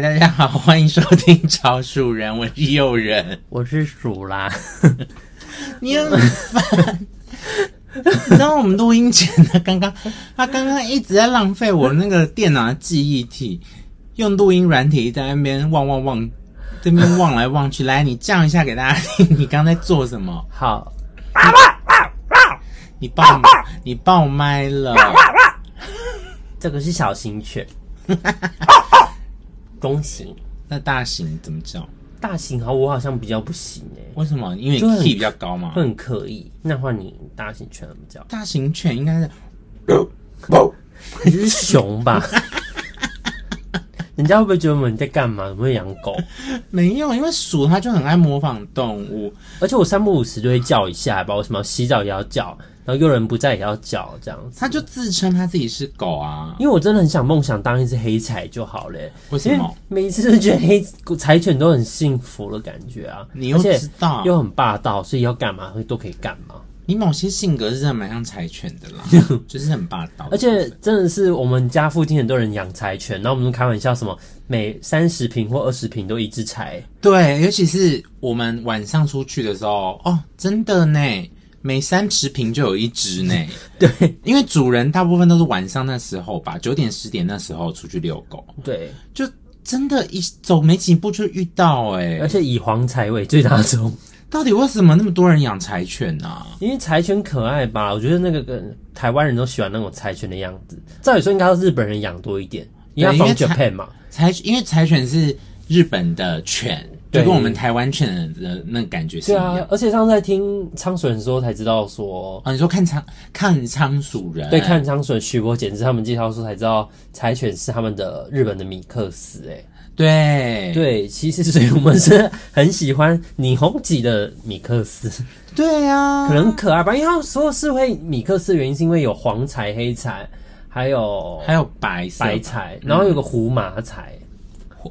大家好，歡迎收聽超鼠人，我是又仁，我是鼠啦。 你很煩。然 後我們錄音前呢，剛剛他剛剛一直在浪費我那個電腦的記憶體，用錄音軟體在那邊汪汪汪，這邊望來望去。 來，你叫一下給大家，你剛才做什麼？好，你爆、啊啊、你爆、啊啊、麥了、啊啊啊！這個是小型犬。 中型，那大型怎麼叫？大型好，我好像比較不行哎、欸。為什麼？因為你氣比較高嘛，會很刻意。那換你大型犬怎麼叫？大型犬應該是， 你就是熊吧？ 人家會不會覺得我們在幹嘛？我們會養狗？沒有，因為鼠它就很愛模仿動物，而且我三不五時就會叫一下，包括什麼洗澡也要叫。又仁不在也要叫這樣子，他就自稱他自己是狗啊，因為我真的很想夢想當一隻黑柴就好了、欸。我現在每一次都覺得黑柴犬都很幸福的感覺啊。你又知道又很霸道，所以要幹嘛會都可以幹嘛。你某些性格是真的蠻像柴犬的啦， 就是很霸道的。而且真的是我們家附近很多人養柴犬，然後我們開玩笑什麼每三十坪或二十坪都一隻柴。對，尤其是我們晚上出去的時候，哦，真的呢。每三十坪就有一隻呢， 對，因為主人大部分都是晚上那時候吧，九點十點那時候出去遛狗，對，就真的一走沒幾步就遇到、欸，哎，而且以黃柴犬最大宗， 到底為什麼那麼多人養柴犬呢、啊？因為柴犬可愛吧，我覺得那個跟台灣人都喜歡那種柴犬的樣子，照理說應該是日本人養多一點，因為 Japan 嘛，柴，柴因為柴犬是日本的犬。對，就跟我們台灣犬的那感覺是一樣啊，而且上次在聽倉鼠人說才知道說啊、哦，你說看倉看倉鼠人，對，看倉鼠許博簡直他們介紹說才知道柴犬是他們的日本的米克斯哎、欸，對對，其實是所以我們是很喜歡霓虹級的米克斯，對呀、啊，可能可愛吧，因為他們說是會米克斯的原因是因為有黃柴、黑柴，還有還有白白柴、嗯，然後有個胡麻柴。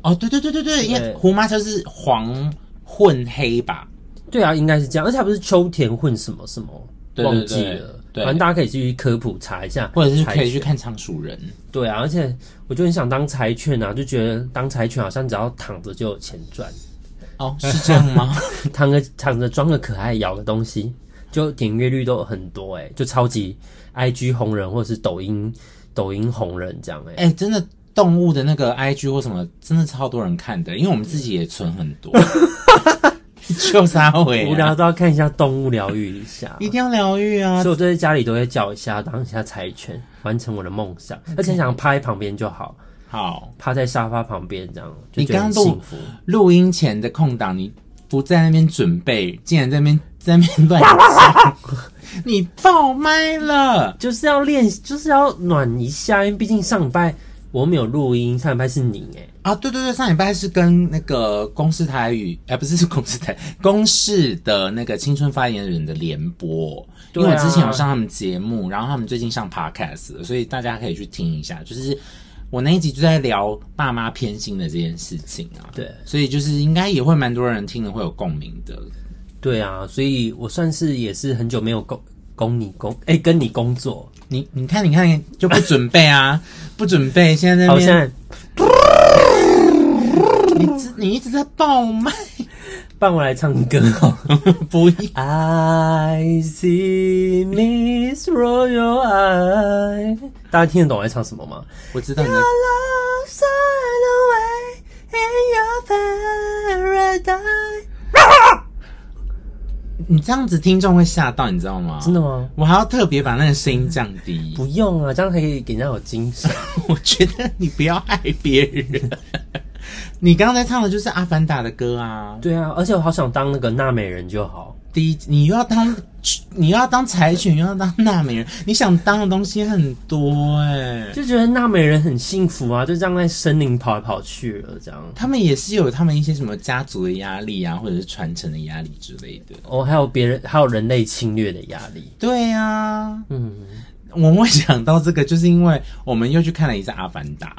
哦，對對對對對，因為胡麻柴是黃混黑吧，對？對啊，應該是這樣。而且還不是秋田混什麼什麼，忘記了對對對對。反正大家可以去科普查一下，或者是可以去看倉鼠人。對啊，而且我就很想當柴犬啊，就覺得當柴犬好像只要躺着就有錢賺。哦，是這樣嗎？ 躺着躺着裝個可愛，咬個東西，就點閱率都有很多哎、欸，就超級 IG 紅人或者是抖音抖音紅人這樣哎、欸，哎、欸、真的。動物的那個 IG 或什麼，真的超多人看的，因為我們自己也存很多。 就沙尾無聊都要看一下動物，療癒一下， 一定要療癒啊！所以我就在家裡都會叫一下，當一下柴犬，完成我的夢想。Okay. 而且想趴在旁邊就好，好趴在沙發旁邊這樣，就覺得很幸福。你剛剛錄音前的空檔，你不在那邊準備，竟然在那邊在那邊亂。 你爆麥了，就是要練，就是要暖一下，因為畢竟上班。我沒有錄音，上禮拜是你哎啊，對對對，上禮拜是跟那個公視台語，哎，不是，是公視台，公視的那個青春發言人的聯播，啊，因為我之前有上他們節目，然後他們最近上 podcast，所以大家可以去聽一下。就是我那一集就在聊爸媽偏心的這件事情啊，對，所以就是應該也會蠻多人聽了會有共鳴的。對啊，所以我算是也是很久沒有工工你工，欸、跟你工作。你你看你看就不準備啊， 不準備現在，在好像你你一直在爆麥，抱我來唱歌哦， 不。I see Miss Royal Eye, 大家聽得懂我在唱什麼嗎？我知道你這樣子聽眾會嚇到，你知道嗎？真的嗎？我還要特別把那個聲音降低，嗯。不用啊，這樣可以給人家有精神。 我覺得你不要愛別人。 你剛才唱的就是《阿凡達》的歌啊。對啊，而且我好想當那個娜美人就好。第一，你又要當，你又要當柴犬，又要當納美人，你想當的東西很多誒、欸、就覺得納美人很幸福啊，就這樣在森林跑來跑去了，這樣。他們也是有他們一些什麼家族的壓力啊，或者是傳承的壓力之類的。哦，還有別人，還有人類侵略的壓力。對啊，嗯，我們會想到這個，就是因為我們又去看了一次《阿凡達》。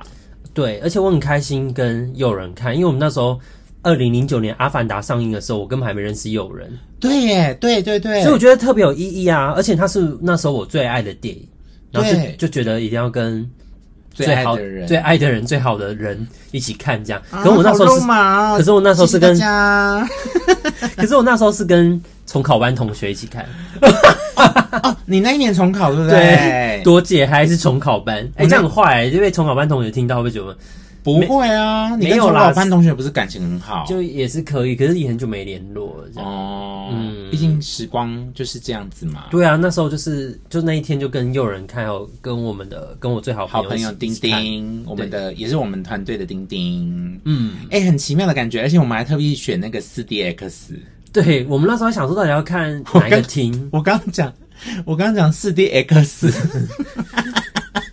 對，而且我很開心跟又仁看，因為我們那時候。二零零九年《阿凡達》上映的時候，我根本還沒認識又仁。對耶，對對對，所以我覺得特別有意義啊！而且他是那時候我最愛的電影，對然後就就覺得一定要跟最好最愛的人，最愛的人，最好的人一起看，這樣。可是我那時候是，啊、可是我那時候是跟，謝謝大家 可是我那時候是跟重考班同學一起看。 哦哦、你那一年重考對不對？對。多謝，還是重考班。哎、欸，這樣很壞、欸，因為重考班同學聽到會不會覺得。不會啊，沒，沒有啦。我班同學不是感情很好，就也是可以，可是也很久沒聯絡這樣。哦，嗯，畢竟時光就是這樣子嘛。對啊，那時候就是就那一天就跟又仁看哦，跟我們的跟我最好朋友是是好朋友丁丁，我們的也是我們團隊的丁丁。嗯，哎、欸，很奇妙的感覺，而且我們還特意選那個 4DX。對，我們那時候想說到底要看哪一個廳，我剛剛講，我剛剛講 4DX。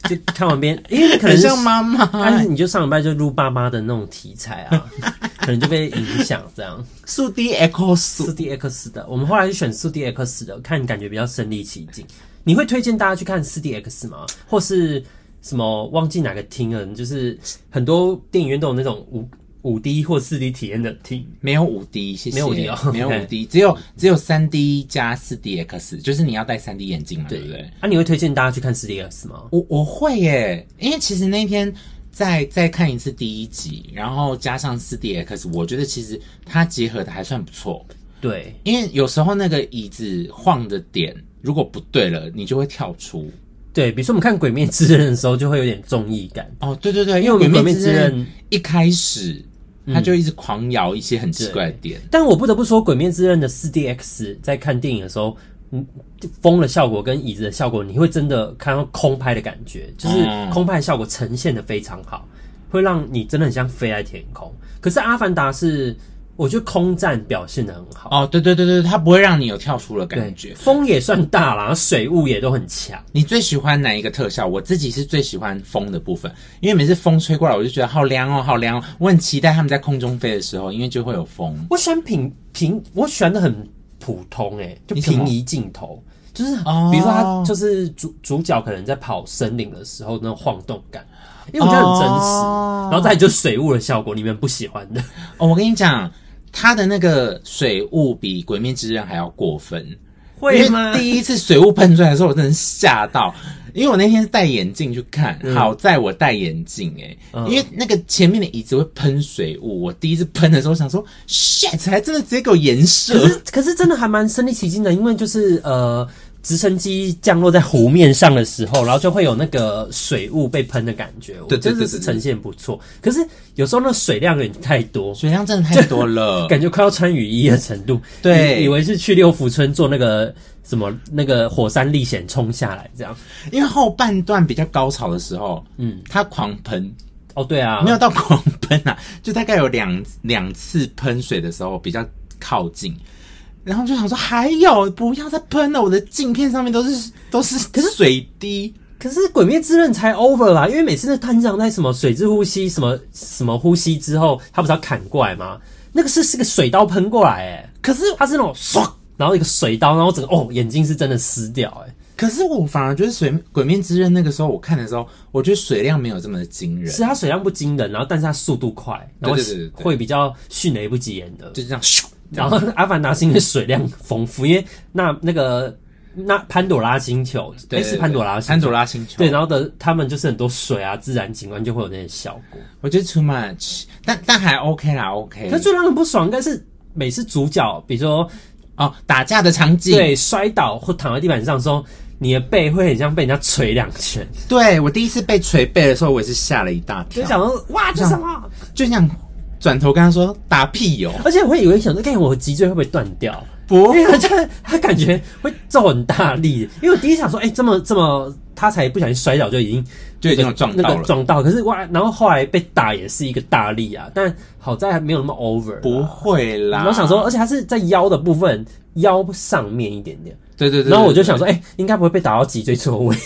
就看完邊，因為可能像媽媽、欸，但、啊、是你就上禮拜就錄爸媽的那種題材啊， 可能就被影響這樣。4DX 4DX 的，我們後來是選 4DX 的，看你感覺比較身臨其境。你會推薦大家去看 4DX 嗎？或是什麼忘記哪個廳了？就是很多電影院都有那種無。五 D 或四 D 體驗的 T 沒有五 D，謝謝。沒有五 D，、哦、 沒有五 D，只有只有三 D 加四 DX，就是你要戴三 D 眼鏡了，對不對？那、啊、你會推薦大家去看四 DX 嗎？我我會耶，因為其實那天再再看一次第一集，然後加上四 DX，我覺得其實它結合的還算不錯。對，因為有時候那個椅子晃的點如果不對了，你就會跳出。對，比如說我們看《鬼滅之刃》的時候，就會有點綜藝感。哦，對對對，因為鬼《鬼滅之刃》一開始。他就一直狂搖一些很奇怪的點，嗯、但我不得不說，《鬼滅之刃》的 4DX 在看電影的時候，嗯，風的效果跟椅子的效果，你會真的看到空拍的感覺，就是空拍的效果呈現的非常好，嗯，會讓你真的很像飛在天空。可是《阿凡達》是。我覺得空戰表現得很好哦，對對對對，它不會讓你有跳出的感覺。風也算大啦，嗯、然後水霧也都很強。你最喜歡哪一個特效？我自己是最喜歡風的部分，因為每次風吹過來，我就覺得好涼哦，好涼哦。我很期待他們在空中飛的時候，因為就會有風。我喜歡平平，我喜歡的很普通誒、欸、就平移鏡頭，就是比如說他就是主、哦、主角可能在跑森林的時候那種晃動感，因為我覺得很真實。哦、然後再就是水霧的效果，你們不喜歡的哦。我跟你講。他的那個水霧比《鬼滅之刃》還要過分，會嗎？因為第一次水霧噴出來的時候，我真的嚇到，因為我那天是戴眼鏡去看、嗯，好在我戴眼鏡、欸，哎、嗯，因為那個前面的椅子會噴水霧，我第一次噴的時候，我想說 shit，還真的直接給我顏射。可是，可是真的還蠻身臨其境的，因為就是呃。直升機降落在湖面上的時候，然後就會有那個水霧被噴的感覺，對，真的是呈現不錯。可是有時候那水量有點太多，水量真的太多了，感覺快要穿雨衣的程度。嗯、對以，以為是去六福村坐那個什麼那個火山歷險衝下來這樣。因為後半段比較高潮的時候，嗯，它狂噴。哦，對啊，沒有到狂噴啊，就大概有兩兩次噴水的時候比較靠近。然後就想說，還有不要再噴了，我的鏡片上面都是都是可是水滴。可是，可是鬼滅之刃才 over 啦，因為每次那探長在什麼水之呼吸什麼什麼呼吸之後，他不是要砍過來嗎？那個是，是個水刀噴過來，欸，哎，可是他是那種刷然後一個水刀，然後整個哦，眼睛是真的濕掉，欸，哎。可是我反而覺得水鬼滅之刃那個時候我看的時候，我覺得水量沒有這麼的驚人，是他水量不驚人，然後但是他速度快，然後會比較迅雷不及掩的，對對對對就是這樣唰。然後，然後阿凡達星的水量很豐富，因為那那個那潘朵拉星球，對，對，對、欸，是潘朵拉星球潘朵拉星球，對，然後的他們就是很多水啊，自然景觀就會有那些效果。我覺得 too much，但但還 OK 啦 OK。它最讓人不爽，但是每次主角，比如說哦打架的場景，對，摔倒或躺在地板上的時候，你的背會很像被人家捶兩拳。對，我第一次被捶背的時候，我也是嚇了一大跳，就想說哇，這什麼？就像。轉頭跟他說打屁哦，而且我會以為想說，看、OK，我的脊椎會不會斷掉？不會，因為他他感覺會揍很大力的，因為我第一想說，哎、欸，這麼這麼，他才不小心摔倒就已經、那個、就已經撞到了。那個、撞到，可是哇，然後後來被打也是一個大力啊，但好在還沒有那麼 over，不會啦。然後想說，而且還是在腰的部分，腰上面一點點，對對對，對，對，對。然後我就想說，哎、欸，應該不會被打到脊椎錯位，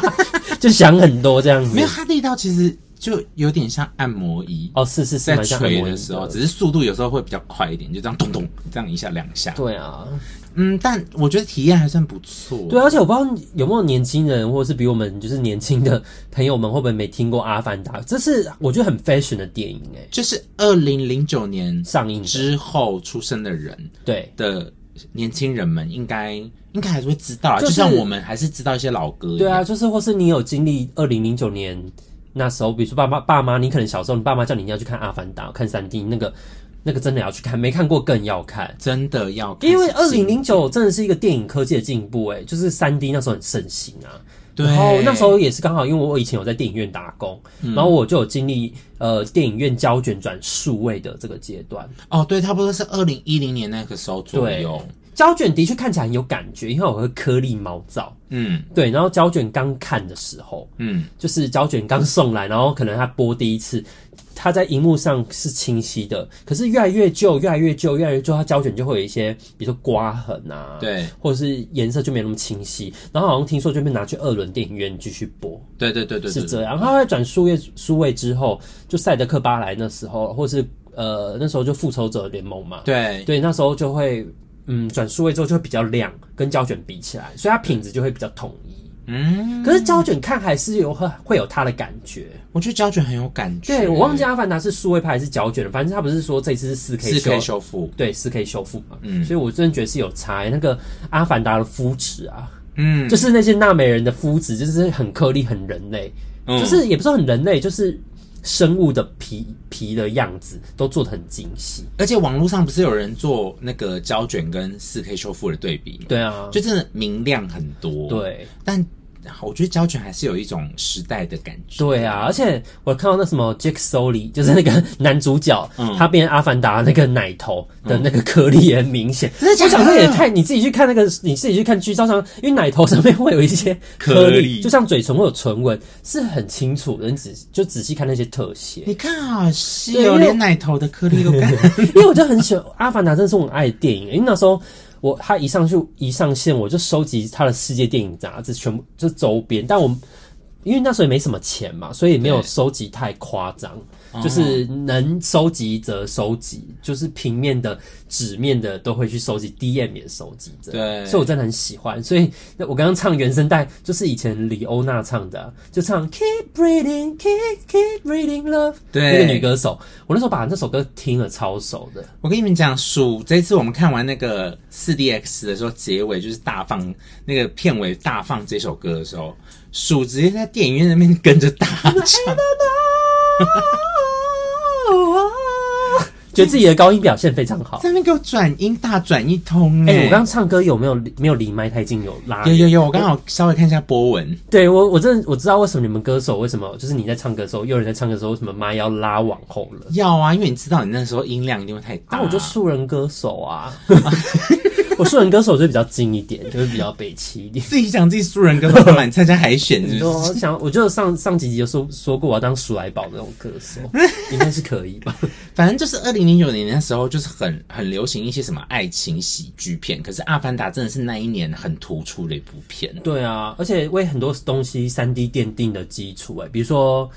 就想很多這樣子。 沒有，他力道其實。就有點像按摩椅哦，是，是是，在捶的時候的，只是速度有時候會比較快一點，就這樣咚咚，這樣一下兩下。對啊，嗯，但我覺得體驗還算不錯。對、啊，而且我不知道有沒有年輕人，或是比我們就是年輕的朋友們，會不會沒聽過《阿凡達》？這是我覺得很 fashion 的電影誒、欸，就是二零零九年上映之後出生的人，對的年輕人們應該應該還是會知道、啊就是、就像我們還是知道一些老歌。對啊，就是或是你有經歷二零零九年。那時候，比如說爸爸、爸媽，你可能小時候，你爸媽叫你一定要去看《阿凡達》，看三 D 那個，那個真的要去看，沒看過更要看，真的要看。因為二零零九真的是一個電影科技的進步、欸，誒，就是三 D 那時候很盛行啊。對。然後那時候也是剛好，因為我我以前有在電影院打工，嗯、然後我就有經歷呃電影院膠卷轉數位的這個階段。哦，對，差不多是二零一零年那個時候左右。對。膠卷的確看起來很有感覺，因為有個顆粒毛躁。嗯，對。然後膠卷剛看的時候，嗯，就是膠卷剛送來，然後可能它播第一次，它在熒幕上是清晰的。可是越來越舊，越來越舊，越來越舊，它膠卷就會有一些，比如說刮痕啊，對，或者是顏色就沒那麼清晰。然後好像聽說就被拿去二輪電影院繼續播。對對，對對對對，是這樣。然後他會轉數位，數位之後，就賽德克巴萊那時候，或是呃那時候就復仇者聯盟嘛。對對，那時候就會。嗯，轉數位之後就會比較亮，跟膠卷比起來，所以它品質就會比較統一。嗯，可是膠卷看還是有很會有它的感覺，我覺得膠卷很有感覺。對，我忘記阿凡達是數位拍還是膠卷了，反正他不是說這次是四 K 四 K 修復，對四 K 修復嘛。嗯，所以我真的覺得是有差欸。那個阿凡達的膚質啊，嗯，就是那些納美人的膚質，就是很顆粒，很人類，嗯，就是也不是很人類，就是。生物的皮皮的樣子都做得很精細，而且網絡上不是有人做那個膠卷跟四 K 修復的對比？對啊，就真的明亮很多。對，但。我覺得膠卷還是有一種時代的感覺。對啊，而且我看到那什麼 Jake Sully，就是那個男主角，嗯、他變阿凡達那個奶頭的那個顆粒也很明顯，嗯嗯。我想說也太，你自己去看那個，你自己去看劇照上，因為奶頭上面會有一些顆粒、粒，就像嘴唇會有唇紋，是很清楚的。你只就仔細看那些特寫，你看啊，哦，有連奶頭的顆粒都不看。 因為我就很喜歡阿凡達，真的是我愛的電影。因為那時候。我他一上去一上線，我就收集他的世界電影雜誌，全部就周邊。但我因為那時候也沒什麼錢嘛，所以也沒有收集太誇張。就是能收集則收集，嗯，就是平面的、紙面的都會去收集，D M 也收集着。對，所以我真的很喜歡。所以我剛剛唱原聲帶，就是以前李歐娜唱的，就唱《 Keep reading Keep Keep reading Love》那個女歌手，我那時候把那首歌聽了超熟的。我跟你們講，鼠這一次我們看完那個四 D X 的時候，結尾就是大放那個片尾大放這首歌的時候，鼠直接在電影院那邊跟着大唱。 覺得自己的高音表現非常好，在那邊給我轉音大轉一通哎、欸！我剛剛唱歌有沒有沒有離麥太近有拉？有有有！我剛好稍微看一下波紋。對我我真的我知道為什麼你們歌手為什麼就是你在唱歌的時候，又有人在唱歌的時候，為什麼麥要拉往後了？要啊，因為你知道你那時候音量一定會太大。但、啊、我就素人歌手啊。 我素人歌手就比較精一點，就是比較北七一點。 自己想自己素人歌手嘛，你 參加海選是是。 我想，我就上上幾集有說說過，我要當鼠來寶那種歌手， 應該是可以吧？反正就是二零零九年那時候，就是很很流行一些什麼愛情喜劇片。可是《阿凡達》真的是那一年很突出的一部片。對啊，而且為很多東西三 D 奠定的基礎。哎，比如說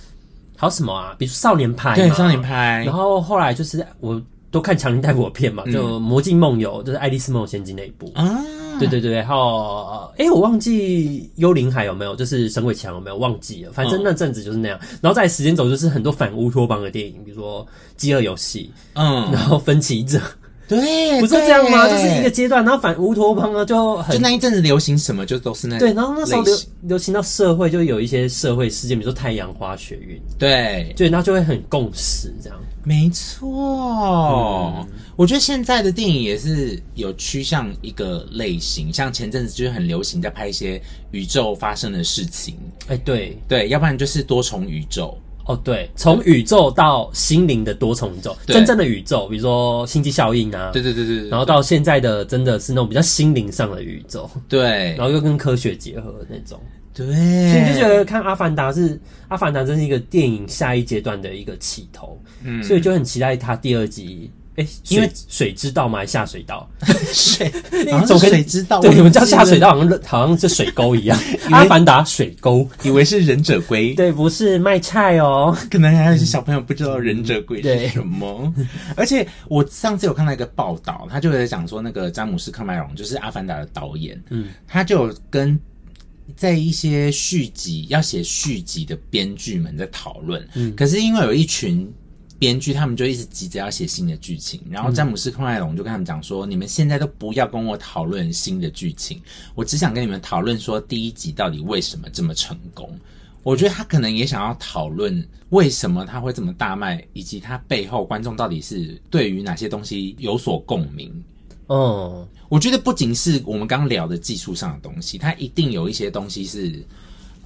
好什麼啊？比如說少年派，對少年派，然後後來就是我。都看強尼戴普的片嘛，就魔《魔鏡夢遊》，就是《愛麗絲夢遊仙境》那一部。啊、嗯，對對對，然後哎、欸，我忘記《幽靈海》有沒有，就是神鬼強有沒有忘記了？反正那陣子就是那樣。嗯、然後在時間軸，就是很多反烏托邦的電影，比如說《飢餓遊戲》。嗯，然後《分歧者》。對，不是這樣嗎？就是一個階段。然後反烏托邦呢，就很，就那一陣子流行什麼，就都是那樣。對，然後那時候流流行到社會，就有一些社會事件，比如說太《太陽花學運》雪。對，對，然後就會很共識這樣。沒錯、嗯，我覺得現在的電影也是有趨向一個類型，像前陣子就是很流行在拍一些宇宙發生的事情。哎、欸，對，對，要不然就是多重宇宙。哦，對，從宇宙到心靈的多重宇宙，對，真正的宇宙，比如說星際效應啊。對對對對。然後到現在的真的是那種比較心靈上的宇宙，對，然後又跟科學結合的那種。對，所以就覺得看《阿凡達》是《阿凡達》真是一個電影下一階段的一個起頭，嗯，所以就很期待他第二集。哎、欸，因為水之道嘛，下水道水， 你們怎麼水之道？對，我你們知道下水道好像好像這水溝一樣， 《阿凡達》水溝，以為是忍者龜， 對，不是賣菜哦、喔。可能還有些小朋友不知道忍者龜是什麼。嗯、 而且我上次有看到一個報道，他就在講說，那個詹姆斯·卡麥隆就是《阿凡達》的導演，嗯，他就跟。在一些續集要寫續集的編劇們在討論、嗯，可是因為有一群編劇，他們就一直急着要寫新的劇情。然後詹姆斯·卡麥隆就跟他們講說、嗯：“你們現在都不要跟我討論新的劇情，我只想跟你們討論說第一集到底為什麼這麼成功。”我覺得他可能也想要討論為什麼他會這麼大賣，以及他背後觀眾到底是對於哪些東西有所共鳴。嗯，我覺得不僅是我們剛聊的技術上的東西，它一定有一些東西是，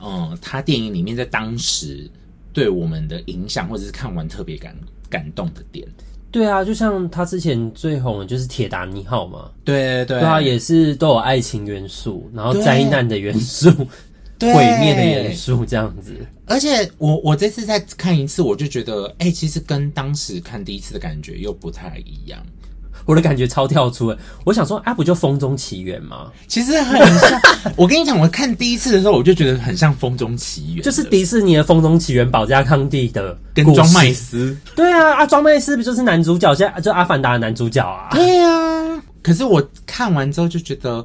嗯，他電影裡面在當時對我們的影響，或者是看完特別感感動的點。對啊，就像他之前最紅的就是《鐵達尼號》嘛，對對對，對啊，也是都有愛情元素，然後災難的元素，毀滅的元素這樣子。而且我我這次再看一次，我就覺得，欸，其實跟當時看第一次的感覺又不太一樣。我的感覺超跳出來，我想說，啊，不就《風中奇緣》嗎？其實很像。 我跟你講，我看第一次的時候，我就覺得很像《風中奇緣》，就是迪士尼的《風中奇緣》，寶嘉康蒂的。跟莊麥斯。對啊，啊，莊麥斯不就是男主角？現在就阿凡達的男主角啊。對啊。可是我看完之後就覺得，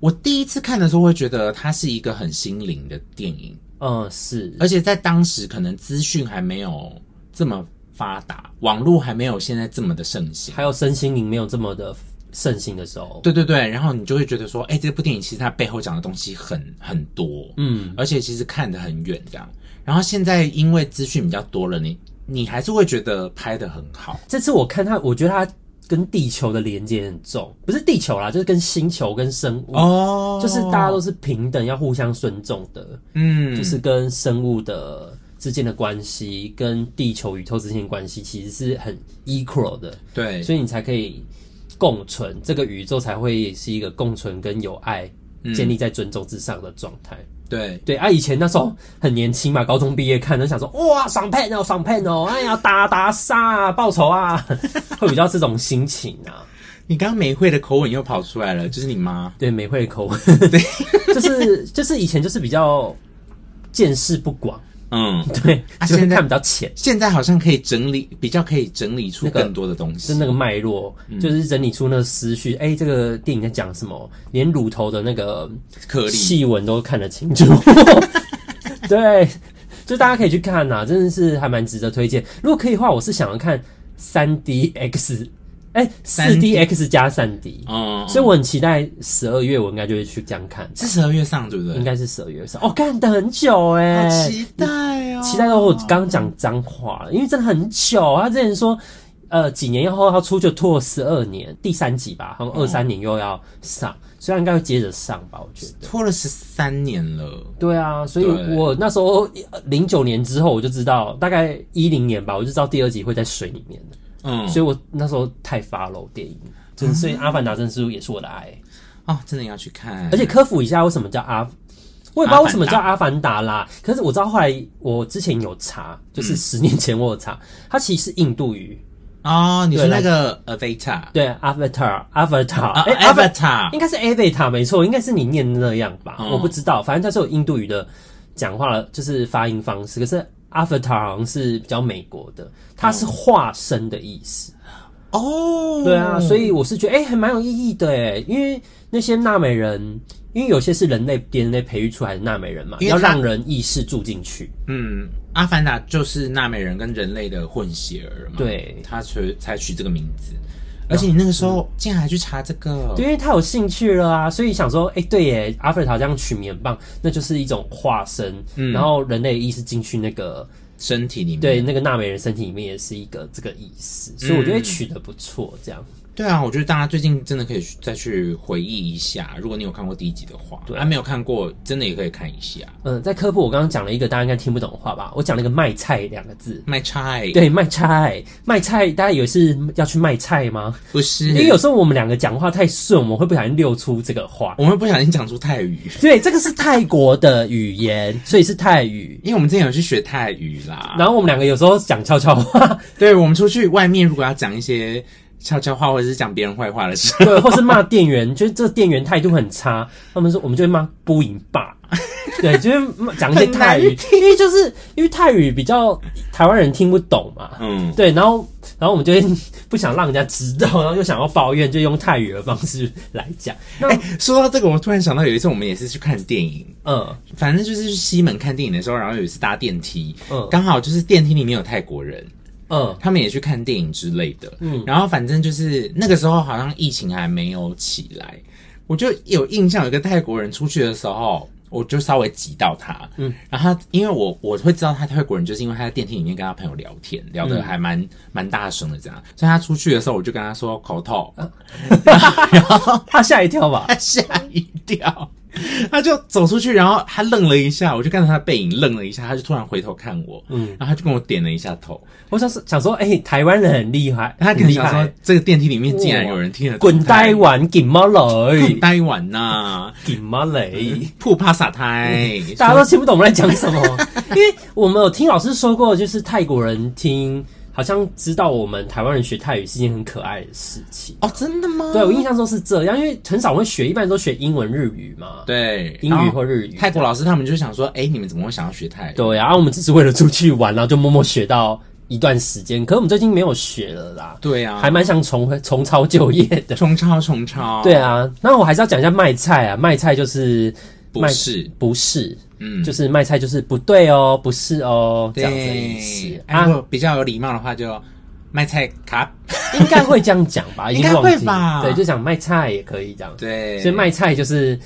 我第一次看的時候會覺得它是一個很心靈的電影。嗯、呃，是。而且在當時，可能資訊還沒有這麼。發達，網絡還沒有現在這麼的盛行，還有身心靈沒有這麼的盛行的時候，對對對，然後你就會覺得說，哎、欸，這部電影其實它背後講的東西很很多，嗯，而且其實看得很遠這樣。然後現在因為資訊比較多了，你你還是會覺得拍得很好。這次我看它，我覺得它跟地球的連接很重，不是地球啦，就是跟星球、跟生物，哦，就是大家都是平等，要互相尊重的，嗯，就是跟生物的之間的關係跟地球宇宙之間的關係其實是很 equal 的，對，所以你才可以共存，這個宇宙才會是一個共存跟友愛、嗯、建立在尊重之上的狀態。對對啊，以前那時候很年輕嘛、哦，高中畢業看都想說哇，爽配哦，爽雙配哦，哎呀打打殺啊報仇啊， 會比較這種心情啊。你剛剛美慧的口吻又跑出來了，就是你媽對美慧的口吻， 對， 就是就是以前就是比較見識不廣。嗯，對，現、啊、在看比較淺，現在好像可以整理，比較可以整理出更多的東西，是那個脈絡，就是整理出那個思緒。哎、嗯欸，這個電影在講什麼？連乳頭的那個顆粒細紋都看得清楚。 對，就大家可以去看吶、啊，真的是還蠻值得推薦。如果可以的話，我是想要看三 D X。哎、欸、，4DX 加三 D，、oh. 所以我很期待十二月，我應該就會去這樣看。是十二月上對不對？應該是十二月上。哦，幹的很久哎、欸，期待哦、喔，期待到我剛講髒話了，因為真的很久。他之前說，呃，幾年以後他出就拖了十二年，第三集吧，然後二三年又要上，oh. 所以他應該會接着上吧？我覺得拖了十三年了。對啊，所以我那時候零九年之後，我就知道大概一零年吧，我就知道第二集會在水裡面的。嗯，所以我那時候太 follow 電影，真、就是、所以《阿凡達》真是也是我的愛啊、欸嗯哦，真的要去看。而且科普一下，為什麼叫阿？我也不知道為什麼叫阿凡達啦、啊凡。可是我知道後來，我之前有查，就是十年前我有查，嗯、它其實是印度語啊、哦。你說那個 Avatar，對 Avatar，Avatar，Avatar，Avatar、啊欸 Avatar 欸、應該是 Avatar，沒錯，應該是你念的那樣吧、嗯？我不知道，反正它是有印度語的講話就是發音方式，可是。阿凡達好像是比較美國的，它是化身的意思，哦、oh. oh.，對啊，所以我是覺得哎、欸，還蠻有意義的誒，因為那些納美人，因為有些是人類 DNA 培育出來的納美人嘛，要讓人意識住進去。嗯，阿凡達就是納美人跟人類的混血兒嘛，對，他取才取這個名字。而且你那個時候竟然還去查這個？對，因為他有興趣了啊，所以想說，哎、欸，對耶，嗯、阿凡達這樣取名很棒，那就是一種化身，然後人類意識進去那個身體裡面，對，那個納美人身體裡面也是一個這個意思，所以我覺得取得不錯，這樣。嗯對啊，我覺得大家最近真的可以再去回憶一下，如果你有看過第一集的話，對啊，啊，沒有看過，真的也可以看一下。嗯，在科普，我剛剛講了一個大家應該聽不懂的話吧？我講了一個“賣菜”兩個字，“賣菜”對，“賣菜”賣菜，大家以為是要去賣菜嗎？不是，因為有時候我們兩個講話太順，我們會不小心溜出這個話，我們會不小心講出泰語。對，這個是泰國的語言， 所以是泰語，因為我們之前有去學泰語啦。然後我們兩個有時候講悄悄話，對，我們出去外面如果要講一些。悄悄話或者是講別人壞話的時候，對，或是罵店員，就是、這個店員態度很差。 他們說，我們就會罵波音霸，對，就是講一些泰語，因為就是因為泰語比較台灣人聽不懂嘛。嗯，對，然後然後我們就會不想讓人家知道，然後又想要抱怨，就用泰語的方式來講。誒，說到這個，我突然想到有一次我們也是去看電影，嗯，反正就是去西門看電影的時候，然後有一次搭電梯，嗯，剛好就是電梯裡面有泰國人。嗯，他們也去看電影之類的。嗯，然後反正就是那個時候好像疫情還沒有起來，我就有印象有個泰國人出去的時候，我就稍微擠到他。嗯，然後他因為我我會知道他泰國人，就是因為他在電梯裡面跟他朋友聊天，聊的還蠻、嗯、蠻大聲的這樣。所以他出去的時候，我就跟他說口頭、哦、 然後 他嚇一跳吧？他嚇一跳。 他就走出去，然後他愣了一下，我就看到他的背影愣了一下，他就突然回頭看我，嗯，然後他就跟我點了一下頭。我想說，想說，哎、欸，台灣人很厲害，他很想說厲害。這個電梯裡面竟然有人聽得滾呆丸，滾貓雷，滾呆丸吶，滾貓雷，怕怕撒胎、嗯，大家都聽不懂我們在講什麼， 因為我們有聽老師說過，就是泰國人聽。好像知道我們台灣人學泰語是一件很可愛的事情哦，oh, 真的嗎？對，我印象中是這樣，因為很少會學，一般人都學英文、日語嘛。對，英語或日語。泰國老師他們就想說，誒、欸，你們怎麼會想要學泰語？對啊，然後我們只是為了出去玩，然後就默默學到一段時間。可是我們最近沒有學了啦。對啊，還蠻像重重操舊業的，重操重操。對啊，那我還是要講一下賣菜啊，賣菜就是不是不是。不是嗯，就是賣菜就是不對哦，不是哦，這樣子的意思如果啊。如果比較有禮貌的話就，就賣菜卡，應該會這樣講吧？ 應該會吧？對，就講賣菜也可以這樣。對，所以賣菜就是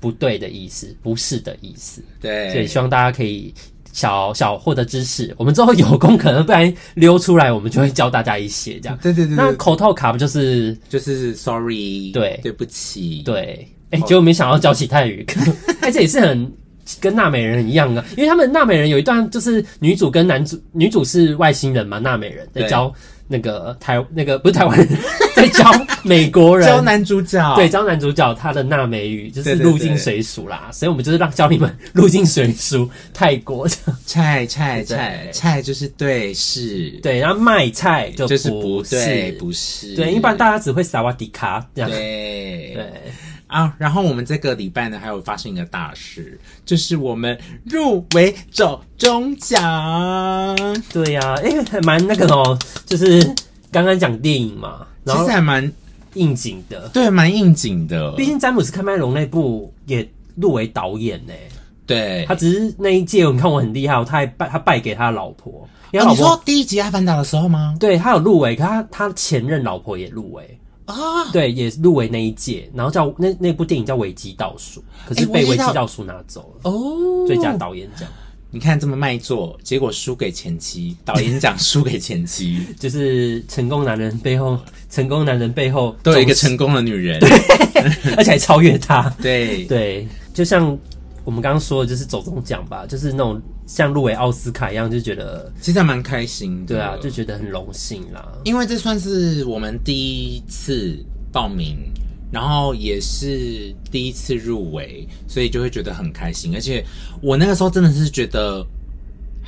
不對的意思，不是的意思。對，所以希望大家可以小小獲得知識。我們之後有空可能，不然溜出來，我們就會教大家一些這樣。對對對，對。那口頭卡不就是就是 sorry？對，對不起。對，哎、欸，oh, 結果沒想到教起泰語，而且也是很。 跟納美人一樣啊，因為他們納美人有一段就是女主跟男主，女主是外星人嘛，納美人在教那個台那個不是台灣人 在教美國人，教男主角，對，教男主角他的納美語就是入境隨俗啦，對對對，所以我們就是讓教你們入境隨俗，泰國菜菜菜菜就是對視，對，然後賣菜就不是不、就是不是，對，一般大家只會薩瓦迪卡這樣。對對。啊，然後我們這個禮拜呢，還有發生一個大事，就是我們入圍走鐘獎。對呀、啊，哎，還蠻那個哦，就是剛剛講電影嘛，然後其實還蠻應景的。對，蠻應景的。畢竟詹姆斯·卡麥隆那部也入圍導演呢、欸。對，他只是那一屆，你看我很厲害，他還敗，他敗給他老婆。老婆哦、你說第一集阿凡達的時候嗎？對，他有入圍，可他他前任老婆也入圍。啊、oh.，對，也是入圍那一屆，然後叫那那部電影叫《危機倒數》，可是被《危機倒數》拿走了哦，欸 oh. 最佳導演獎。你看這麼賣座，結果輸給前妻，導演獎輸給前妻， 就是成功男人背後，成功男人背後都有一個成功的女人，對，而且還超越他， 對對，就像。我們剛剛說的就是走鐘獎吧，就是那種像入圍奧斯卡一樣，就覺得其實還蠻開心。對啊，就覺得很榮幸啦。因為這算是我們第一次報名，然後也是第一次入圍，所以就會覺得很開心。而且我那個時候真的是覺得。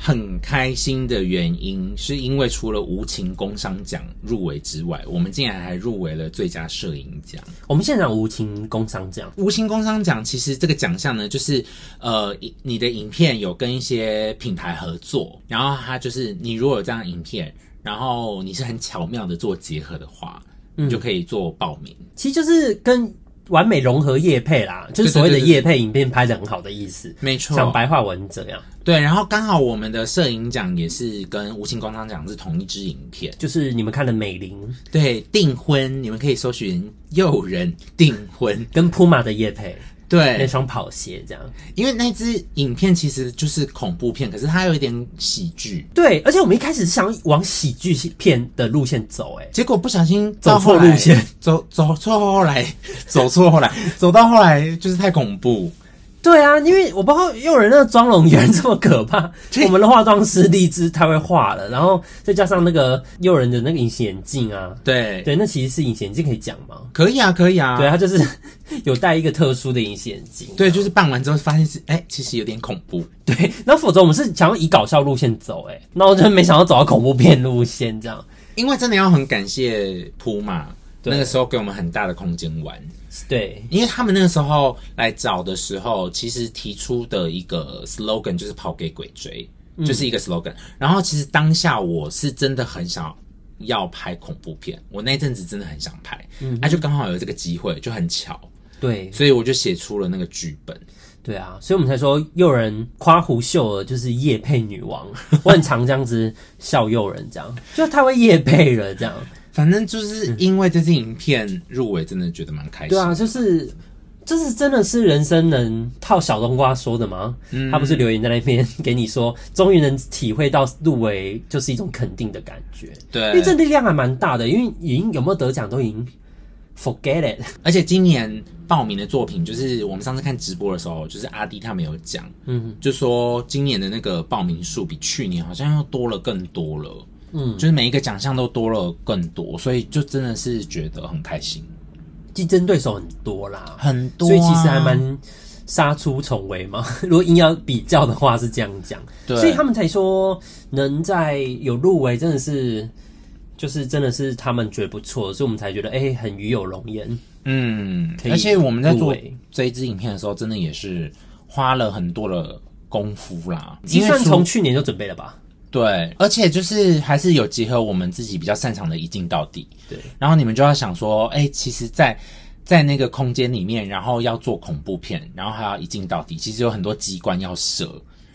很開心的原因是因為除了無情工商獎入圍之外，我們竟然還入圍了最佳攝影獎。我們現在講無情工商獎，無情工商獎其實這個獎項呢，就是呃，你的影片有跟一些品牌合作，然後它，就是你如果有這樣影片，然後你是很巧妙的做結合的話，你就可以做報名。嗯，其實就是跟。完美融合業配啦，就是所謂的業配影片拍得很好的意思。沒錯，像白話文怎樣？對，然後剛好我們的攝影獎也是跟吳慶光賞是同一支影片，就是你們看的《美玲》對訂婚，你們可以搜尋“誘人訂婚”嗯、跟 Puma 的業配。對那雙跑鞋這樣，因為那支影片其實就是恐怖片，可是它有一點喜劇。對，而且我們一開始想往喜劇片的路線走、欸，哎，結果不小心走錯路線，走走錯後來走錯後來，走，後來 走到後來就是太恐怖。對啊，因為我不知道有人那個妝容原來這麼可怕。我們的化妝師荔枝太會化了，然後再加上那個誘人的那個隱形眼鏡啊。對對，那其實是隱形眼鏡，可以講嗎？可以啊，可以啊。對，他就是有戴一個特殊的隱形眼鏡、啊。對，就是辦完之後發現是，哎、欸，其實有點恐怖。對，那否則我們是想要以搞笑路線走、欸，哎，那我就沒想到走到恐怖片路線這樣。因為真的要很感謝鋪嘛，那個時候給我們很大的空間玩。對，因為他們那個時候來找的時候，其實提出的一個 slogan 就是跑給鬼追、嗯，就是一個 slogan。然後其實當下我是真的很想要拍恐怖片，我那一陣子真的很想拍，那、嗯啊、就剛好有這個機會，就很巧。對，所以我就寫出了那個劇本。對啊，所以我們才說又仁誇胡秀兒就是業配女王， 我很常這樣子笑又仁，這樣就他會業配了這樣。反正就是因為這支影片入圍，真的覺得蠻開心、嗯。對啊，就是，就是真的是人生能套小冬瓜說的嗎？嗯、他不是留言在那邊給你說，終於能體會到入圍就是一種肯定的感覺。對，因為這力量還蠻大的。因為已經有沒有得獎都已經 forget it。而且今年報名的作品，就是我們上次看直播的時候，就是阿迪他沒有講，嗯，就說今年的那個報名數比去年好像要多了更多了。嗯，就是每一個獎項都多了更多，所以就真的是覺得很開心。競爭對手很多啦，很多、啊，所以其實還蠻殺出重圍嘛。如果硬要比較的話，是這樣講。對，所以他們才說能在有入圍，真的是，就是真的是他們覺得不錯，所以我們才覺得哎、欸，很與有榮焉。嗯可以，而且我們在做這一支影片的時候，真的也是花了很多的功夫啦。已經算從去年就準備了吧。對，而且就是還是有結合我們自己比較擅長的一鏡到底，對，然後你們就要想說，哎，其實在，在在那個空間裡面，然後要做恐怖片，然後還要一鏡到底，其實有很多機關要設，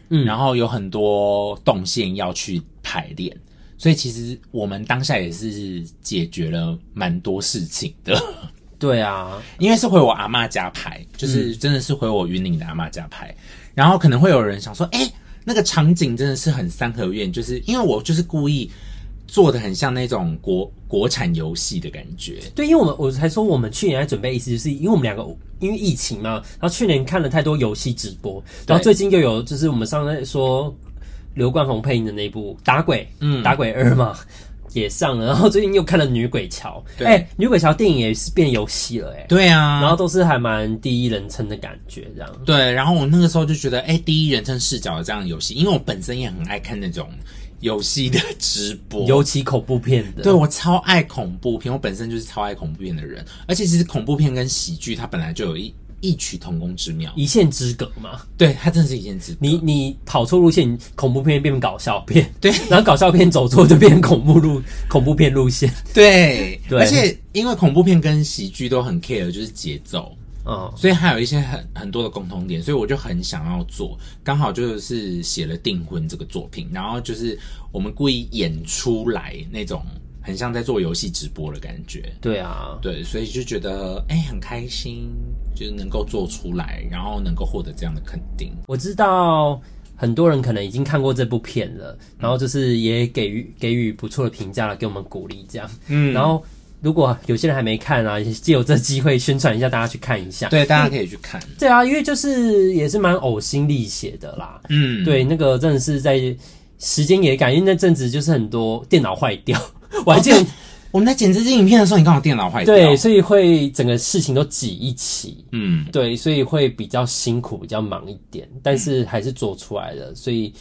嗯，然後有很多動線要去排練，所以其實我們當下也是解決了蠻多事情的。對啊，因為是回我阿媽家拍，就是真的是回我雲林的阿媽家拍。嗯，然後可能會有人想說，哎，那個場景真的是很三合院，就是因為我就是故意做的很像那種國國產遊戲的感覺。對，因為我們我才說我們去年還準備，意思就是因為我們兩個因為疫情嘛，然後去年看了太多遊戲直播，然後最近又有就是我們上次說劉冠宏配音的那一部《打鬼》，嗯，《打鬼二》嘛。也上了，然後最近又看了女、欸《女鬼橋》。對，哎，《女鬼橋》電影也是變遊戲了、欸，哎。對啊。然後都是還蠻第一人稱的感覺這樣。對，然後我那個時候就覺得，哎、欸，第一人稱視角的這樣遊戲，因為我本身也很愛看那種遊戲的直播，尤其恐怖片的。對，我超愛恐怖片，我本身就是超愛恐怖片的人，而且其實恐怖片跟喜劇它本來就有一。異曲同工之妙，一線之隔嘛。對，它真的是一線之隔。你你跑錯路線，恐怖片變成搞笑片，對。然後搞笑片走錯就變成恐怖路， 恐怖片路線，對對。而且因為恐怖片跟喜劇都很 care，就是節奏，嗯，所以還有一些很很多的共同點，所以我就很想要做，剛好就是寫了訂婚這個作品，然後就是我們故意演出來那種。很像在做遊戲直播的感覺，對啊，對，所以就覺得哎、欸、很開心，就是能夠做出來，然後能夠獲得這樣的肯定。我知道很多人可能已經看過這部片了，然後就是也給予給予不錯的評價了，給我們鼓勵這樣。嗯，然後如果有些人還沒看啊，藉由這機會宣傳一下，大家去看一下。對，大家可以去看。嗯、對啊，因為就是也是蠻嘔心瀝血的啦。嗯，對，那個真的是在時間也趕，因為那陣子就是很多電腦壞掉。我還記得、oh, okay，我們在剪這支影片的時候，你剛好電腦壞掉，對，所以會整個事情都擠一起，嗯，對，所以會比較辛苦，比較忙一點，但是還是做出來的，嗯、所以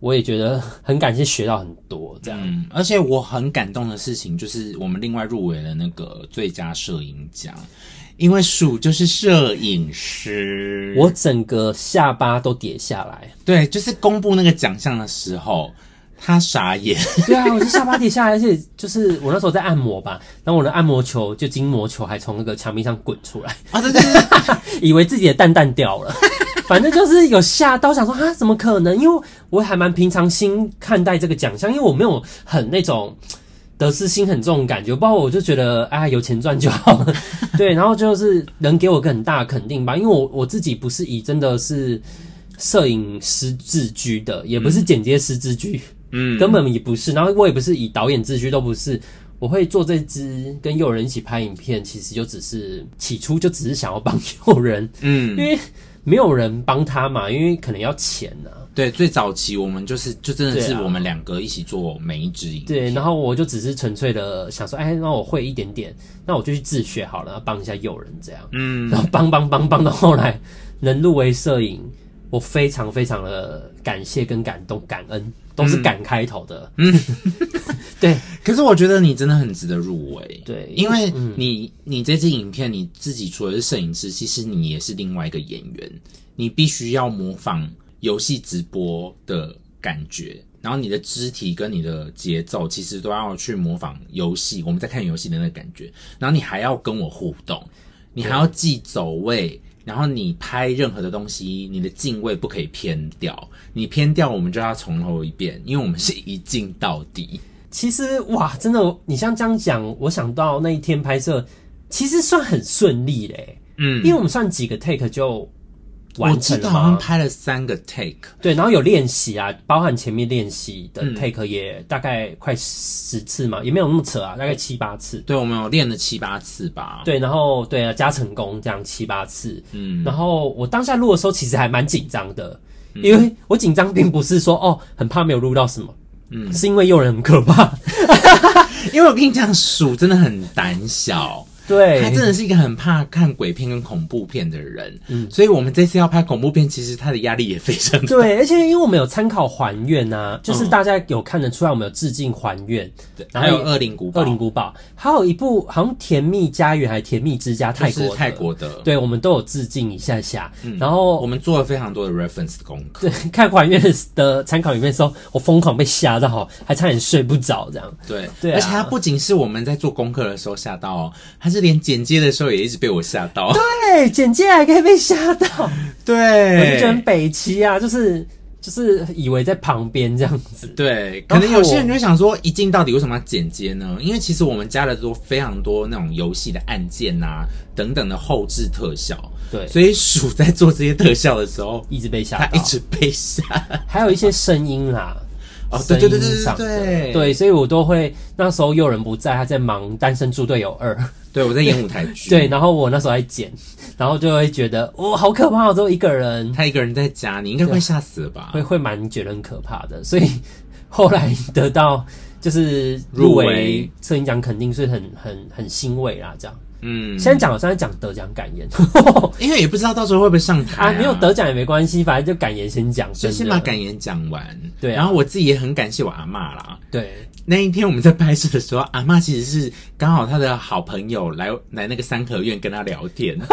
我也覺得很感謝，學到很多這樣、嗯。而且我很感動的事情就是，我們另外入圍了那個最佳攝影獎，因為鼠就是攝影師，我整個下巴都跌下來，對，就是公布那個獎項的時候。嗯他傻眼， 對啊，我是下巴底下，而且就是我那時候在按摩吧，然後我的按摩球就筋膜球還從那個牆壁上滾出來啊、哦，對對、對， 以為自己的蛋蛋掉了，反正就是有嚇到，我想說啊，怎麼可能？因為我還蠻平常心看待這個獎項，因為我沒有很那種得失心很重的感覺，包括我就覺得哎有錢賺就好了。對，然後就是能給我一個很大的肯定吧，因為我我自己不是以真的是攝影師自居的，也不是剪接師自居。嗯嗯，根本也不是，然後我也不是以導演自居，都不是。我會做這支跟又仁一起拍影片，其實就只是起初就只是想要幫又仁，嗯，因為沒有人幫他嘛，因為可能要錢呢、啊。對，最早期我們就是就真的是我們兩個一起做每一支影片對、啊。對，然後我就只是純粹的想說，哎，那我會一點點，那我就去自學好了，然後幫一下又仁這樣。嗯，然後幫幫幫幫到後來能入圍攝影。我非常非常的感謝跟感動感恩，都是感開頭的。嗯，嗯 對。可是我覺得你真的很值得入圍。對，因為你、嗯、你，你這支影片你自己除了是攝影師，其實你也是另外一個演員。你必須要模仿遊戲直播的感覺，然後你的肢體跟你的節奏其實都要去模仿遊戲。我們在看遊戲的那個感覺，然後你還要跟我互動，你還要記走位。然後你拍任何的東西，你的鏡位不可以偏掉，你偏掉我們就要從頭一遍，因為我們是一鏡到底。其實哇，真的，你像這樣講，我想到那一天拍攝，其實算很順利嘞，欸，嗯，因為我們算幾個 take 就。我知道，好像拍了三個 take，對，然後有練習啊，包含前面練習的 take 也大概快十次嘛，嗯、也沒有那麼扯啊，大概七八次。對，我們有練了七八次吧。對，然後對啊，加成功這樣七八次。嗯，然後我當下錄的時候其實還蠻緊張的，嗯、因為我緊張並不是說哦很怕沒有錄到什麼，嗯，是因為又仁很可怕， 因為我跟你講鼠真的很膽小。對，他真的是一個很怕看鬼片跟恐怖片的人，嗯，所以我們這次要拍恐怖片，其實他的壓力也非常大。對，而且因為我們有參考還、啊《還願》啊,就是大家有看得出來，我們有致敬還、嗯《還願》，對，然後還有《惡靈古堡》，《惡靈古堡》，還有一部好像《甜蜜家園》還是《甜蜜之家》就，是、泰國，泰國的，對，我們都有致敬一下下。嗯，然後我們做了非常多的 reference 的功課，對，看《還願》的參考影片的時候，嗯、我瘋狂被嚇到，哈，還差點睡不着這樣。對，對、啊，而且他不僅是我們在做功課的時候嚇到哦，還是。連剪接的時候也一直被我嚇到，對，剪接還可以被嚇到， 對，完全北七啊，就是就是以為在旁邊這樣子，對，可能有些人就想說，哦、一鏡到底為什麼要剪接呢？因為其實我們加了多非常多那種遊戲的按鍵啊等等的後製特效，對，所以鼠在做這些特效的時候一直被嚇，他一直被嚇，還有一些聲音啦、啊。 哦，對對對對對對，對所以，我都會那時候又有人不在，他在忙《單身豬隊友二》 對，對我在演舞台劇，對，然後我那時候還剪，然後就會覺得哦，好可怕，只有一個人，他一個人在家，你應該會嚇死了吧？會會蠻覺得很可怕的，所以後來得到就是入圍攝影獎，肯定是很很很欣慰啦，這樣。嗯，先講，先講得獎感言，因為也不知道到時候會不會上台啊。啊沒有得獎也沒關係，反正就感言先講，就先把感言講完。對、啊，然後我自己也很感謝我阿媽啦。對，那一天我們在拍攝的時候，阿媽其實是剛好他的好朋友來來那個三合院跟他聊天。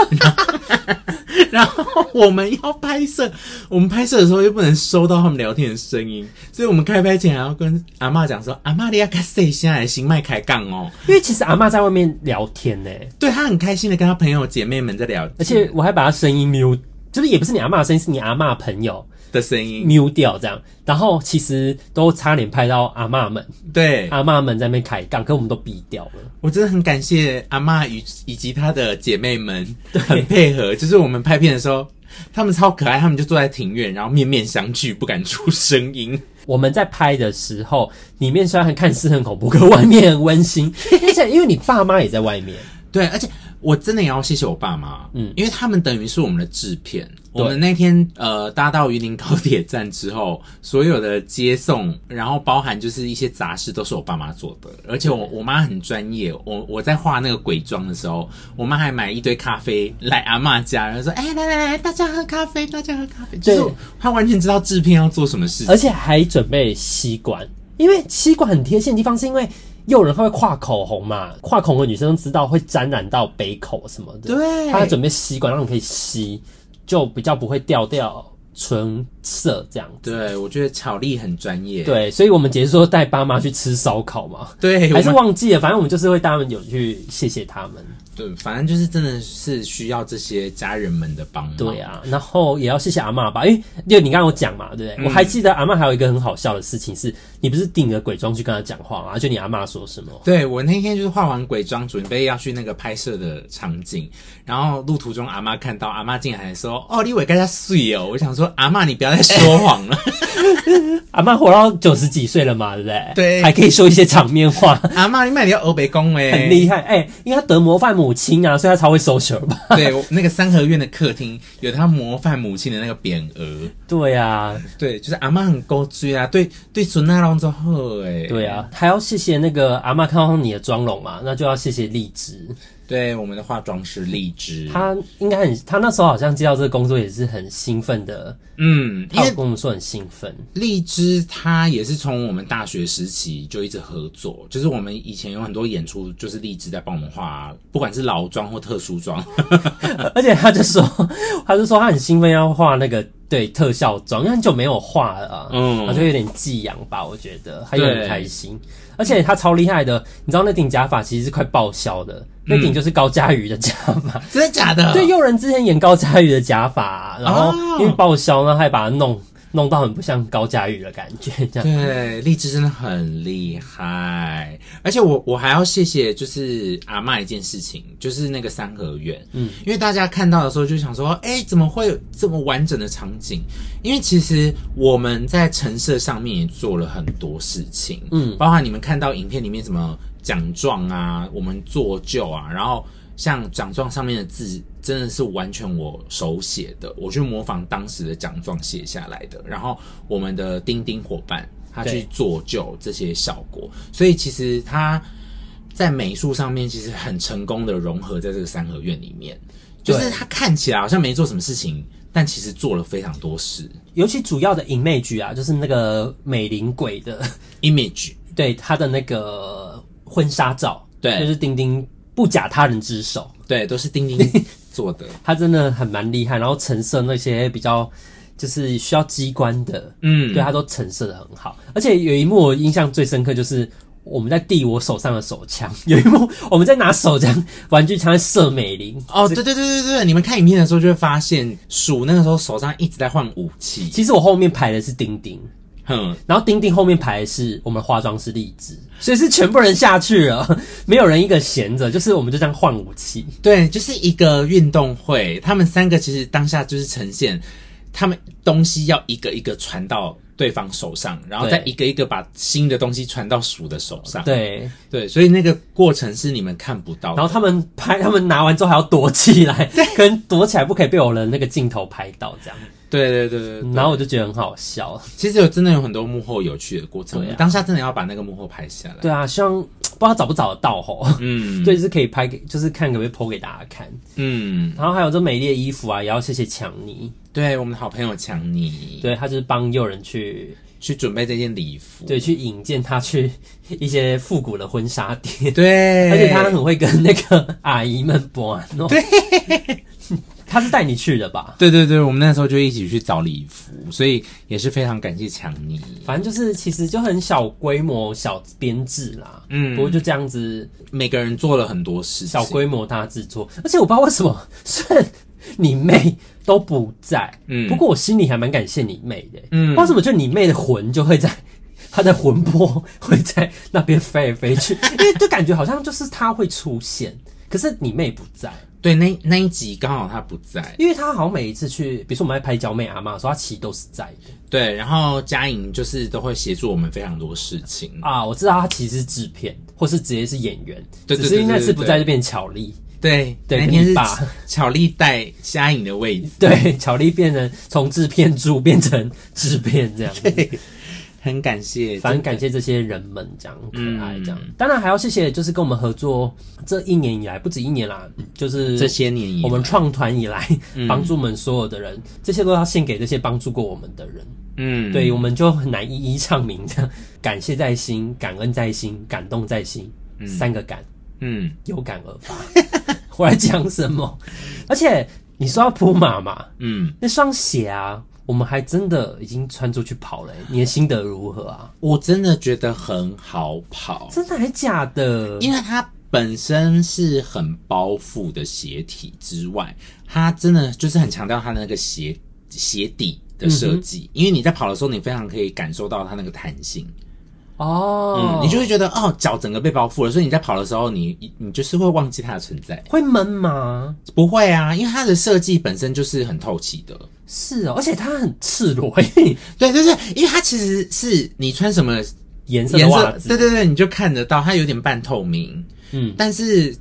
然後我們要拍攝，我們拍攝的時候又不能收到他們聊天的聲音，所以我們開拍前還要跟阿嬤講說：“阿嬤，你要跟誰先來行邁開槓哦，因為其實阿嬤在外面聊天呢。 ”對，她很開心的跟她朋友姐妹們在聊天，而且我還把她聲音扭，就是也不是你阿嬤的聲音，是你阿嬤的朋友。的聲音，mute 掉這樣，然後其實都差點拍到阿媽們，對，阿媽們在那邊開槓，可我們都避掉了。我真的很感謝阿媽與以及她的姐妹們，很配合。就是我們拍片的時候，他們超可愛，他們就坐在庭院，然後面面相覷，不敢出聲音。我們在拍的時候，裡面雖然很看似很恐怖，可外面很溫馨。而 且因為你爸媽也在外面，對，而且。我真的也要謝謝我爸媽，嗯，因為他們等於是我們的製片。我們那天呃搭到雲林高鐵站之後，所有的接送，然後包含就是一些雜事，都是我爸媽做的。而且我我媽很專業，我我在畫那個鬼妝的時候，我媽還買一堆咖啡來阿嬤家，然後說：“哎、欸，來來來，大家喝咖啡，大家喝咖啡。對”對、就是，她完全知道製片要做什麼事情，而且還準備吸管，因為吸管很貼心的地方是因為。又有人他會畫口紅嘛，畫口紅女生知道會沾染到杯口什麼的。對，他還準備吸管讓你可以吸，就比較不會掉掉，純色這樣子，對我覺得巧麗很專業，對，所以我們只是說帶爸媽去吃燒烤嘛，對，還是忘記了，反正我們就是會帶他們有去謝謝他們，對，反正就是真的是需要這些家人們的幫助。對啊，然後也要謝謝阿媽吧，因、欸、為你剛剛有講嘛，對，我還記得阿媽還有一個很好笑的事情是，是、嗯、你不是頂著鬼妝去跟他講話嘛，就你阿媽說什麼？對我那天就是化完鬼妝，準備要去那個拍攝的場景，然後路途中阿媽看到，阿媽竟然還說：“哦，李偉跟他睡哦？”我想說。阿媽，你不要再說謊了，欸。 阿媽活到九十幾歲了嘛，對不對？對，還可以說一些場面話。阿媽，你麥歐北共很厲害哎，欸！因為他得模範母親啊，所以他才會 social 吧？對，那個三合院的客廳有他模範母親的那個匾額。對啊對，就是阿媽很古錐啊，對對身體攏好哎。對啊，還要謝謝那個阿媽看到你的妝容嘛，那就要謝謝荔枝。對，我們的化妝師荔枝，他應該很，他那時候好像接到這個工作也是很興奮的，嗯，他跟我們說很興奮。荔枝他也是從我們大學時期就一直合作，就是我們以前有很多演出，就是荔枝在幫我們化，不管是老妝或特殊妝， 而且他就說，他就說他很興奮要化那個對特效妝，因為很久沒有化了啊，嗯，他就有點技癢吧，我覺得，他也很開心。而且他超厲害的，你知道那頂假髮其實是快報銷的，嗯、那頂就是高嘉瑜的假髮，真的假的？對，又仁之前演高嘉瑜的假髮，啊，然後因為報銷呢，啊，哦、他還把它弄。弄到很不像高家玉的感覺這樣子，對，荔枝真的很厲害，而且我我還要謝謝就是阿媽一件事情，就是那個三合院，嗯，因為大家看到的時候就想說，哎、欸，怎麼會有這麼完整的場景？因為其實我們在陳設上面也做了很多事情，嗯，包括你們看到影片裡面什麼獎狀啊，我們做舊啊，然後。像獎狀上面的字真的是完全我手寫的，我去模仿當時的獎狀寫下來的。然後我們的釘釘夥伴他去做就這些效果。所以其實他在美術上面其實很成功的融合在這個三合院裡面，就是他看起來好像沒做什麼事情，但其實做了非常多事。尤其主要的 image 啊，就是那個美林鬼的 image，對，他的那個婚紗照，對，就是釘釘。不假他人之手，對，都是丁丁做的。 他真的很蠻厲害，然後陳設那些比較就是需要機關的，嗯，對，他都陳設得很好。而且有一幕我印象最深刻，就是我們在遞我手上的手槍，有一幕我們在拿手槍玩具槍在射美玲。哦，對對對對對，你們看影片的時候就會發現，鼠那個時候手上一直在換武器。其實我後面排的是丁丁。嗯，然後釘釘後面排的是我們化妝師荔枝，所以是全部人下去了，沒有人一個閒着，就是我們就這樣換武器。對，就是一個運動會，他們三個其實當下就是呈現，他們東西要一個一個傳到對方手上，然後再一個一個把新的東西傳到鼠的手上。對對，對，所以那個過程是你們看不到的。然後他們拍，他們拿完之後還要躲起來，可能躲起來不可以被我的那個鏡頭拍到，這樣。對，對對對對，然後我就覺得很好笑。其實有真的有很多幕後有趣的過程，啊、當下真的要把那個幕後拍下來。對啊，希望不知道找不找得到哦。嗯，對， 是可以拍給，就是看可不可以 PO 給大家看。嗯，然後還有這美麗的衣服啊，也要謝謝強尼。對，我們好朋友強尼，對，他就是幫又仁去去準備這件禮服，對，去引薦他去一些復古的婚紗店。對，而且他很會跟那個阿姨們玩對 他是帶你去的吧？對對對，我們那時候就一起去找禮服，所以也是非常感謝強尼。反正就是其實就很小規模、小編制啦。嗯，不過就這樣子，每個人做了很多事情。小規模大製作，而且我不知道為什麼，雖然你妹都不在，嗯，不過我心裡還蠻感謝你妹的。嗯，為什麼就你妹的魂就會在，她的魂魄會在那邊飛來飛去， 因為就感覺好像就是她會出現，可是你妹不在。對，那那一集剛好他不在，因為他好像每一次去，比如說我們在拍《嬌妹阿媽》，說他其實都是在的。對，然後佳穎就是都會協助我們非常多事情啊。我知道他其實是制片，或是直接是演員，對對對對對對對對，只是那次不在這邊，巧麗。對對，那天是巧麗代佳穎的位置。 對，巧麗變成從制片助變成制片這樣子。很感謝，反正感謝這些人們這樣可愛這樣、嗯。當然還要謝謝，就是跟我們合作這一年以來，不止一年啦，就是這些年，我們創團以來幫、嗯、助我們所有的人，這些都要獻給這些幫助過我們的人。嗯，對，我們就很難一一唱名，這樣感謝在心，感恩在心，感動在心，嗯、三個感，嗯，有感而發。 我來講什麼？而且你說要跑馬嘛，嗯，那雙鞋啊。我們還真的已經穿出去跑了欸，你的心得如何啊？我真的覺得很好跑，嗯，真的還假的？因為它本身是很包覆的鞋體之外，它真的就是很強調它的那個鞋鞋底的設計，嗯，因為你在跑的時候，你非常可以感受到它那個彈性。哦、oh. 嗯，你就會覺得哦，腳整個被包覆了，所以你在跑的時候你，你你就是會忘記它的存在，會悶嗎？不會啊，因為它的設計本身就是很透氣的。是哦，而且它很赤裸， 對對對，因為它其實是你穿什麼顏色，顏色的襪子，對對對，你就看得到它有點半透明，嗯，但是。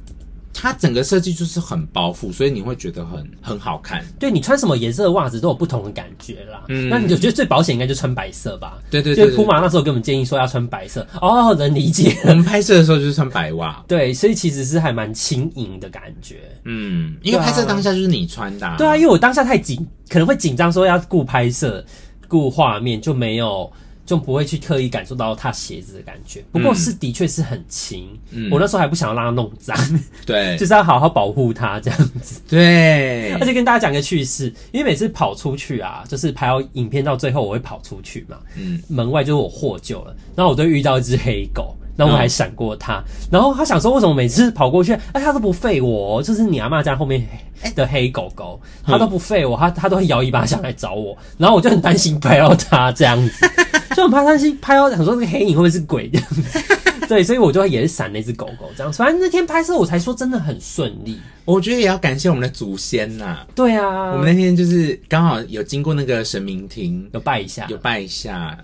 它整個設計就是很包覆，所以你會覺得很很好看。對，你穿什麼顏色的襪子都有不同的感覺啦。嗯，那你就覺得最保險應該就穿白色吧？對對對，對，對。所以鋪馬那時候給我們建議說要穿白色。哦，能理解了。我們拍攝的時候就是穿白襪。對，所以其實是還蠻輕盈的感覺。嗯，因為拍攝當下就是你穿搭、啊啊。對啊，因為我當下太緊，可能會緊張，說要顧拍攝、顧畫面就沒有。就不會去特意感受到它鞋子的感覺，不過是的確是很輕、嗯。我那時候還不想要讓它弄髒，對， 就是要好好保護它這樣子。對，而且跟大家講個趣事，因為每次跑出去啊，就是拍到影片到最後我會跑出去嘛，嗯、門外就是我獲救了。然後我就遇到一隻黑狗，然後我還閃過它、嗯，然後它想說為什麼每次跑過去，哎，它都不吠我，就是你阿媽在後面的黑狗狗，它、欸、都不吠我，它、嗯、都會搖尾巴想來找我，然後我就很擔心拍到它這樣子。 就我怕拍上去拍到，哦，想說這個黑影會不會是鬼這樣子？ 對，所以我就會也是閃那隻狗狗，這樣。反正那天拍攝，我才說真的很順利。我覺得也要感謝我們的祖先吶，啊。對啊，我們那天就是剛好有經過那個神明廳，有拜一下，有拜一下。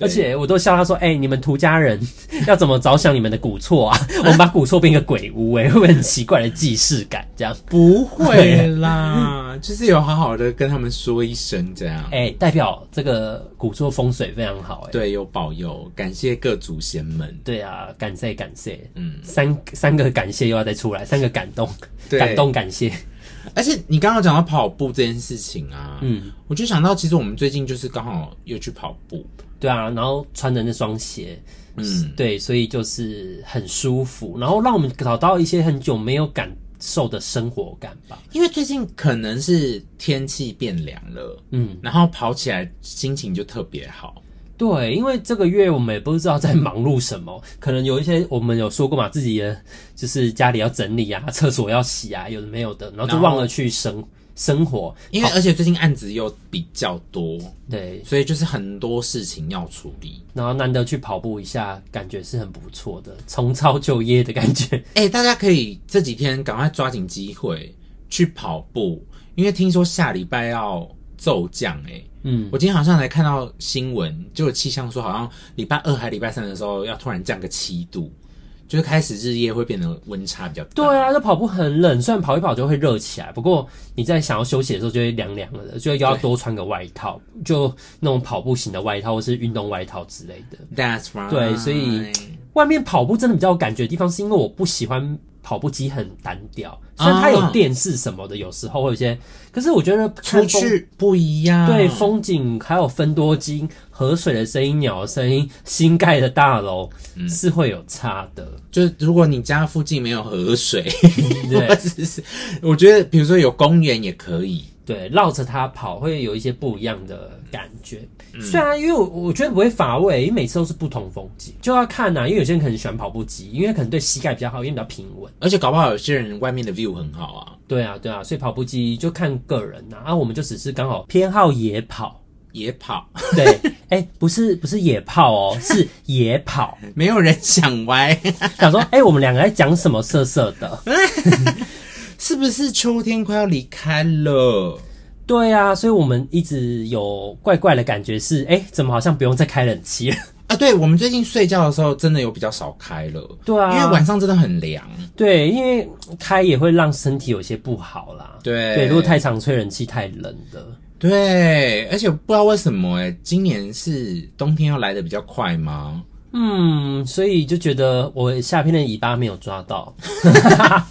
而且我都笑他說：“哎、欸，你們涂家人要怎麼着想你們的古厝啊？ 我們把古厝變個鬼屋、欸，哎，會不會很奇怪的既視感？這樣不會啦， 就是有好好的跟他們說一聲這樣。哎、欸，代表這個古厝風水非常好、欸，哎，對，有保佑，感謝各祖先們。對啊，感謝感謝，嗯，三三個感謝又要再出來，三個感動，感動感謝。”而且你剛剛講到跑步這件事情啊，嗯，我就想到其實我們最近就是剛好又去跑步，對啊，然後穿的那雙鞋，嗯，對，所以就是很舒服，然後讓我們找到一些很久沒有感受的生活感吧。因為最近可能是天氣變涼了，嗯，然後跑起來心情就特別好。對，因為這個月我們也不知道在忙碌什麼，嗯、可能有一些我們有說過嘛，自己的就是家裡要整理啊，廁所要洗啊，有的沒有的，然後就忘了去生生活，因為而且最近案子又比較多，對，所以就是很多事情要處理，然後難得去跑步一下，感覺是很不錯的，重操舊業的感覺。哎、欸，大家可以這幾天趕快抓緊機會去跑步，因為聽說下禮拜要驟降、欸，哎。嗯，我今天好像才看到新聞，就有氣象說好像禮拜二還禮拜三的時候要突然降個七度，就是開始日夜會變得溫差比較大。對啊，就跑步很冷，雖然跑一跑就會熱起來，不過你在想要休息的時候就會涼涼的，就要多穿個外套，就那種跑步型的外套或是運動外套之類的。That's right。對，所以外面跑步真的比較有感覺的地方，是因為我不喜歡。跑步機很單調，雖然它有電視什麼的、啊，有時候會有些。可是我覺得出去不一樣，對風景還有芬多精，河水的聲音、鳥的聲音、新蓋的大樓、嗯、是會有差的。就是如果你家附近沒有河水，嗯、 是對，是是。我覺得比如說有公園也可以，對，繞着它跑會有一些不一樣的感覺。嗯、雖然，因為我我覺得不會乏味，因為每次都是不同風景，就要看吶、啊。因為有些人可能喜歡跑步機，因為可能對膝蓋比較好，因為比較平穩。而且搞不好有些人外面的 view 很好啊。對啊，對啊，所以跑步機就看個人吶、啊。啊，我們就只是剛好偏好野跑，野跑。對，哎、 欸，不是不是野炮哦、喔，是野跑。 沒有人想歪， 想說哎、欸，我們兩個在講什麼色色的？ 是不是秋天快要離開了？對呀、啊，所以我們一直有怪怪的感覺是，哎、欸，怎麼好像不用再開冷氣了？啊，對，我們最近睡覺的時候真的有比較少開了，對啊，因為晚上真的很涼。對，因為開也會讓身體有些不好啦。對，對，如果太常吹冷氣太冷的。對，而且不知道為什麼、欸，哎，今年是冬天要來得比較快嗎？嗯，所以就覺得我夏天的尾巴沒有抓到。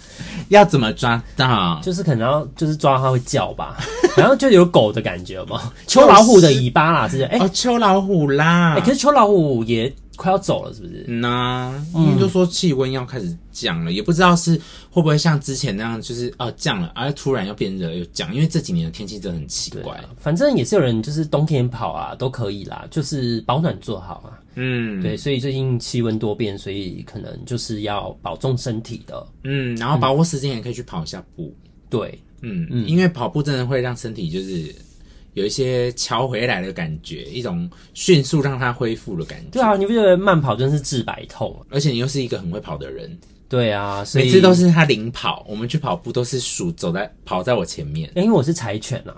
要怎麼抓到？就是可能要，就是抓它會叫吧， 然後就有狗的感覺嘛，秋老虎的尾巴啦，是不是？這、欸、些，哎、哦，秋老虎啦。哎、欸，可是秋老虎也。快要走了是不是？嗯吶，因為都說氣溫要開始降了、嗯，也不知道是會不會像之前那樣，就是啊降了，而、啊、突然又變熱又降。因為這幾年的天氣真的很奇怪。反正也是有人就是冬天跑啊都可以啦，就是保暖做好啊。嗯，對，所以最近氣溫多變，所以可能就是要保重身體的。嗯，然後把握時間也可以去跑一下步。嗯、對，嗯嗯，嗯，因為跑步真的會讓身體就是。有一些瞧回來的感覺，一種迅速讓它恢復的感覺。對啊，你不覺得慢跑真的是治百痛？而且你又是一個很會跑的人。對啊，所以每次都是他領跑，我們去跑步都是鼠走，在跑在我前面，欸。因為我是柴犬啊，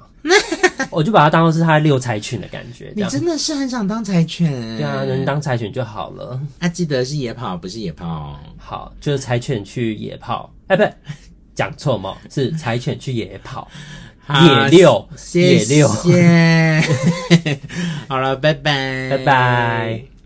我就把它當做是他遛柴犬的感覺。你真的是很想當柴犬，欸？對啊，能當柴犬就好了。阿、啊、記得是野跑，不是野跑。好，就是柴犬去野跑。哎、欸，不，講錯嗎？是柴犬去野跑。野六，野六，謝謝。野六 好了， 拜拜，拜拜。